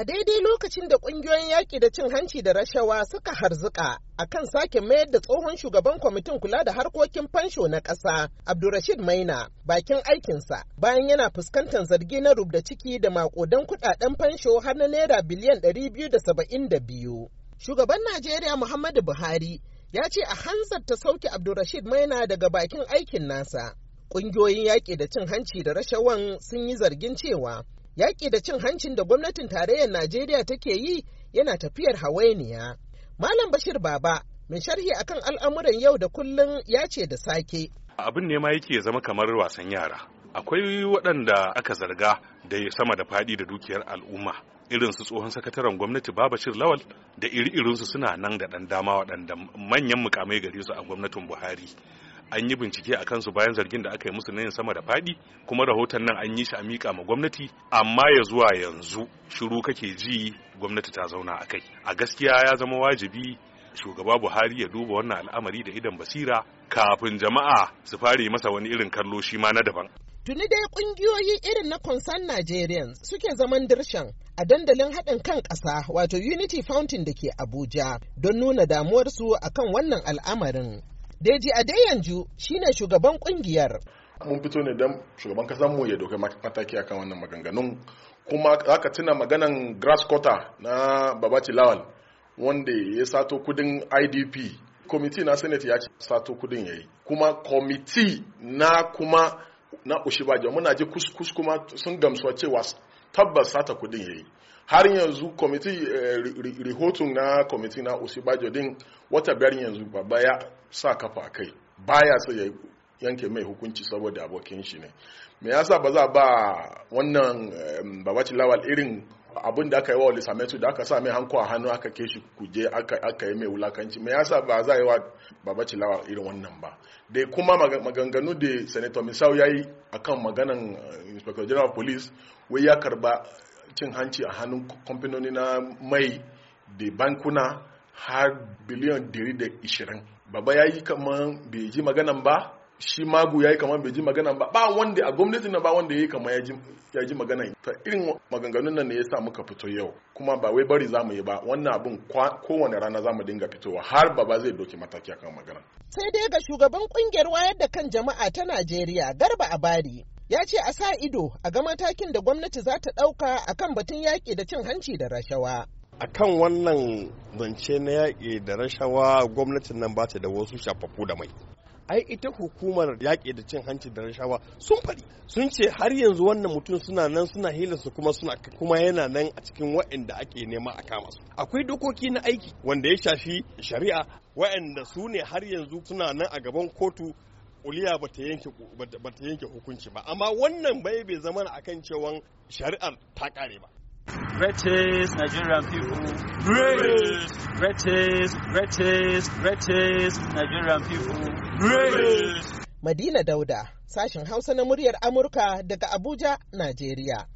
A daidai lokacin da ƙungiyoyin yaƙi da cin hanci da rashawa suka harzuka a kan sake mayar da tsohon shugaban kwamitin kula da harkokin fansho na ƙasa, abdulrashid Maina, bakin aikinsa bayan yana fuskantar zargi na rubda ciki da maƙudan kuɗaɗen fansho har na naira biliyan ɗari biyu da da saba'in biyu. Shugaban Najeriya Muhammadu Buhari ya ce a hanzarta sauke Abdurrashid Maina daga bakin aikin nasa. Ƙungiyoyin yaƙi da cin hanci da rashawan sun yi zargin cewa yaƙi da cin hancin da gwamnatin tarayyar Najeriya take yi yana tafiyar hawainiya. Malam Bashir Baba, mai sharhi akan al'amuran yau da kullum ya ce da sake. Abin ne ma yake zama kamar wasan yara. Akwai waɗanda aka zarga da sama da faɗi da dukiyar al'umma. irin su tsohon sakataren gwamnati babashir lawal da iri irinsu suna nan da ɗan dama waɗanda manyan mukamai gare su a gwamnatin buhari an yi bincike a kansu bayan zargin da aka yi musu na yin sama da faɗi kuma rahoton nan an yi shi a miƙa ma gwamnati amma ya zuwa yanzu shiru kake ji gwamnati ta zauna a kai a gaskiya ya zama wajibi shugaba buhari ya duba wannan al'amari da idan basira kafin jama'a su fare masa wani irin kallo shi ma na daban tuni dai kungiyoyi irin na concern nigerians suke zaman dirshan a dandalin haɗin kan ƙasa wato unity fountain da ke abuja don nuna damuwarsu akan wannan al'amarin Deji shi ne shugaban kungiyar. Mun fito ne don shugaban kasan mu ya doka mataki akan wannan maganganun kuma aka tuna maganan grass quarter na Babaci Lawal wanda ya sato kudin IDP kwamiti na senate ya ce sato kudin yayi kuma kwamiti na kuma na ushibaja muna ji kuskus kuma sun gamsuwa cewa tabbas sata kudin yayi har yanzu kwamiti eh, rihoton na kwamiti na osibajo din wata biyar yanzu babba ya sa kafa kai baya sai ya yanke mai hukunci saboda abokin shi ne me yasa ba za ba wannan eh, babaci lawal irin abin da aka yi wa lissametu da aka sa hanko a hannu aka keshi shi kuje aka yi mai wulakanci mai yasa ba za a yi wa baba cilawa irin wannan ba da kuma maganganu da senator misau ya yi a kan maganan eh, inspector general police wai ya karba cin hanci a hannun kamfanoni na mai da bankuna har biliyan 120 baba ya yi kamar bai ji maganan ba shi magu ya yi kama bai ji magana ba ba wanda a gwamnatin nan ba wanda ya yi kama ya ji magana ta irin maganganun nan ne ya sa muka fito yau kuma ba wai bari zamu yi ba wannan abin kowane rana zamu dinga fitowa har baba zai doki mataki akan magana sai dai ga shugaban kungiyar wayar da kan jama'a ta Najeriya Garba Abari ya ce a sa ido a ga matakin da gwamnati za ta ɗauka akan batun yaƙi da cin hanci da rashawa. a kan wannan zance na yaƙi da rashawa gwamnatin nan ba ta da wasu shafafu da mai ai ita hukumar yaƙi da cin hanci da rashawa sun faɗi sun ce har yanzu wannan mutum suna nan suna hilarsa kuma suna kuma yana nan a cikin waɗanda ake nema a kama su akwai dokoki na aiki wanda ya shafi shari'a waɗanda su ne har yanzu suna nan a gaban kotu kuliya ba ta yanke hukunci ba amma wannan bai bai zama akan cewa shari'ar ta ƙare ba Greatest Nigerian people. Greatest. Greatest, greatest, greatest Nigerian people. Greatest. Madina Dauda, sashen Hausa na muryar Amurka daga Abuja, Najeriya.